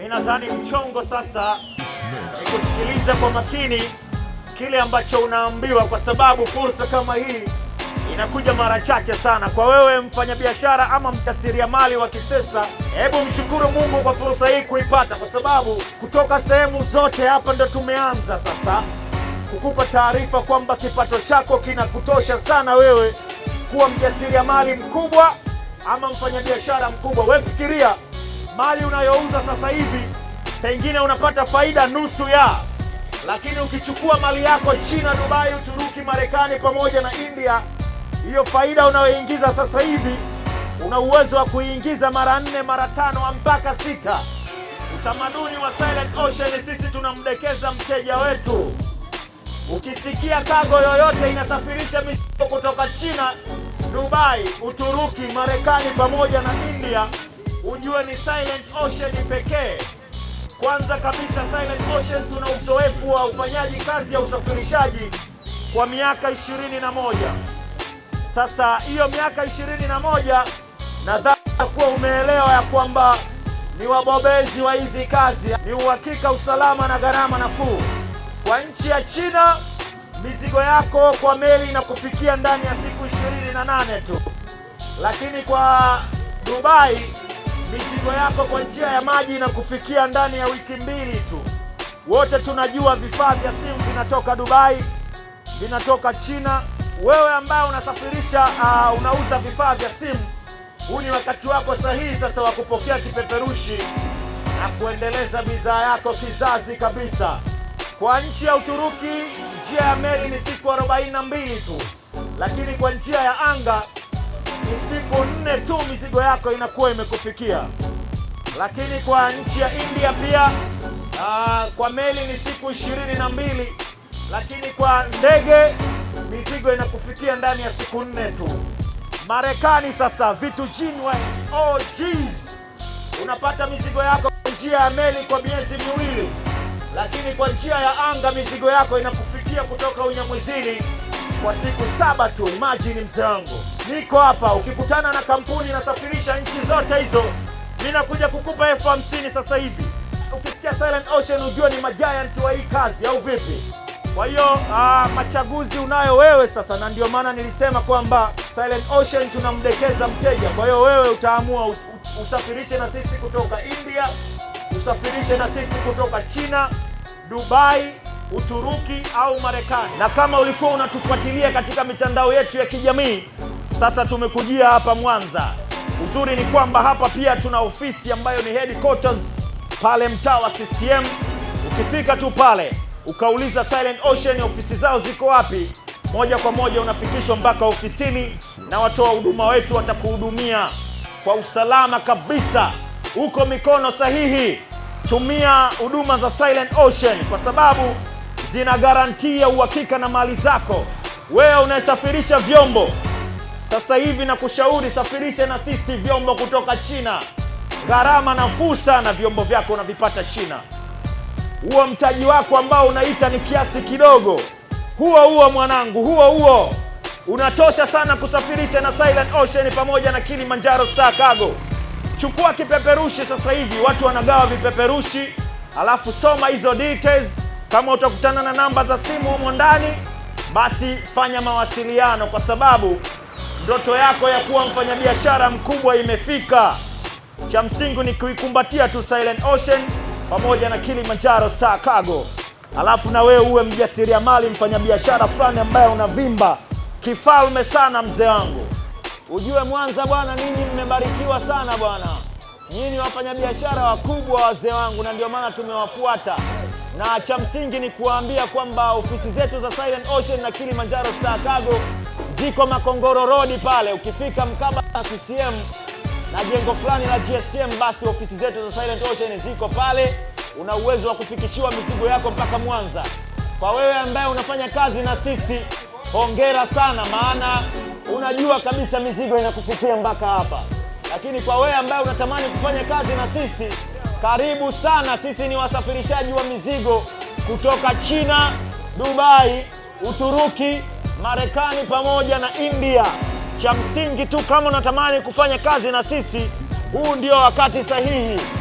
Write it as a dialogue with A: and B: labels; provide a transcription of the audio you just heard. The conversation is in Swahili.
A: Mimi nadhani mchongo sasa ni kusikiliza kwa makini kile ambacho unaambiwa, kwa sababu fursa kama hii inakuja mara chache sana. Kwa wewe mfanyabiashara ama mjasiriamali wa Kisesa, hebu mshukuru Mungu kwa fursa hii kuipata, kwa sababu kutoka sehemu zote hapa ndo tumeanza sasa kukupa taarifa kwamba kipato chako kinakutosha sana wewe kuwa mjasiriamali mkubwa ama mfanyabiashara mkubwa. Wewe fikiria mali unayouza sasa hivi pengine unapata faida nusu ya, lakini ukichukua mali yako China, Dubai, Uturuki, Marekani pamoja na India, hiyo faida unayoingiza sasa hivi una uwezo wa kuingiza mara nne, mara tano, mpaka sita. Utamaduni wa Silent Ocean, sisi tunamdekeza mteja wetu. Ukisikia kago yoyote inasafirisha mizigo kutoka China, Dubai, Uturuki, Marekani pamoja na India ujue ni Silent Ocean pekee. Kwanza kabisa, Silent Ocean tuna uzoefu wa ufanyaji kazi ya usafirishaji kwa miaka ishirini na moja sasa. Hiyo miaka ishirini na moja nadhani kuwa umeelewa ya kwamba ni wabobezi wa hizi kazi, ni uhakika, usalama na gharama nafuu. Kwa nchi ya China mizigo yako kwa meli inakufikia ndani ya siku ishirini na nane tu, lakini kwa Dubai mizigo yako kwa njia ya maji inakufikia ndani ya wiki mbili tu. Wote tunajua vifaa vya simu vinatoka Dubai, vinatoka China. Wewe ambaye unasafirisha uh, unauza vifaa vya simu, huu ni wakati wako sahihi sasa wa kupokea kipeperushi na kuendeleza bidhaa yako kizazi kabisa. Kwa nchi ya Uturuki njia ya meli ni siku 42 tu, lakini kwa njia ya anga ni siku nne tu mizigo yako inakuwa imekufikia, lakini kwa nchi ya India pia aa, kwa meli ni siku ishirini na mbili, lakini kwa ndege mizigo inakufikia ndani ya siku nne tu. Marekani sasa vitu jinwe oh jeez, unapata mizigo yako kwa njia ya meli kwa miezi miwili, lakini kwa njia ya anga mizigo yako inakufikia kutoka Unyamwezini kwa siku saba tu. Imagine mzee wangu, niko hapa, ukikutana na kampuni inasafirisha nchi zote hizo, ninakuja kukupa elfu hamsini sasa hivi. Ukisikia Silent Ocean ujue ni magiant wa hii kazi, au vipi? Kwa hiyo uh, machaguzi unayo wewe sasa, na ndio maana nilisema kwamba Silent Ocean tunamdekeza mteja. Kwa hiyo wewe utaamua usafirishe na sisi kutoka India, usafirishe na sisi kutoka China, Dubai Uturuki au Marekani. Na kama ulikuwa unatufuatilia katika mitandao yetu ya kijamii, sasa tumekujia hapa Mwanza. Uzuri ni kwamba hapa pia tuna ofisi ambayo ni headquarters pale mtaa wa CCM. Ukifika tu pale ukauliza Silent Ocean ofisi zao ziko wapi, moja kwa moja unafikishwa mpaka ofisini na watoa huduma wetu watakuhudumia kwa usalama kabisa. Uko mikono sahihi. Tumia huduma za Silent Ocean kwa sababu zina garantia uhakika na mali zako. Wewe unayesafirisha vyombo sasa hivi na kushauri, safirishe na sisi vyombo kutoka China. Gharama nafuu sana, vyombo vyako unavipata China. Huo mtaji wako ambao unaita ni kiasi kidogo, huo huo mwanangu, huo huo unatosha sana kusafirisha na Silent Ocean pamoja na Kilimanjaro Star Cargo. Chukua kipeperushi sasa hivi, watu wanagawa vipeperushi, alafu soma hizo details kama utakutana na namba za simu humo ndani, basi fanya mawasiliano, kwa sababu ndoto yako ya kuwa mfanyabiashara mkubwa imefika. Cha msingi ni kuikumbatia tu Silent Ocean pamoja na Kilimanjaro Star Cargo, alafu na wewe uwe mjasiriamali, mfanyabiashara fulani ambaye unavimba kifalme sana, mzee wangu. Ujue Mwanza bwana, ninyi mmebarikiwa sana bwana, nyinyi wafanyabiashara wakubwa, wazee wangu, na ndio maana tumewafuata na cha msingi ni kuwaambia kwamba ofisi zetu za Silent Ocean na Kilimanjaro Star Cargo ziko Makongoro Road pale, ukifika mkabala na CCM na jengo fulani la GSM, basi ofisi zetu za Silent Ocean ziko pale. Una uwezo wa kufikishiwa mizigo yako mpaka Mwanza. Kwa wewe ambaye unafanya kazi na sisi, hongera sana, maana unajua kabisa mizigo inakufikia mpaka hapa. Lakini kwa wewe ambaye unatamani kufanya kazi na sisi karibu sana, sisi ni wasafirishaji wa mizigo kutoka China, Dubai, Uturuki, Marekani pamoja na India. Cha msingi tu, kama unatamani kufanya kazi na sisi, huu ndio wakati sahihi.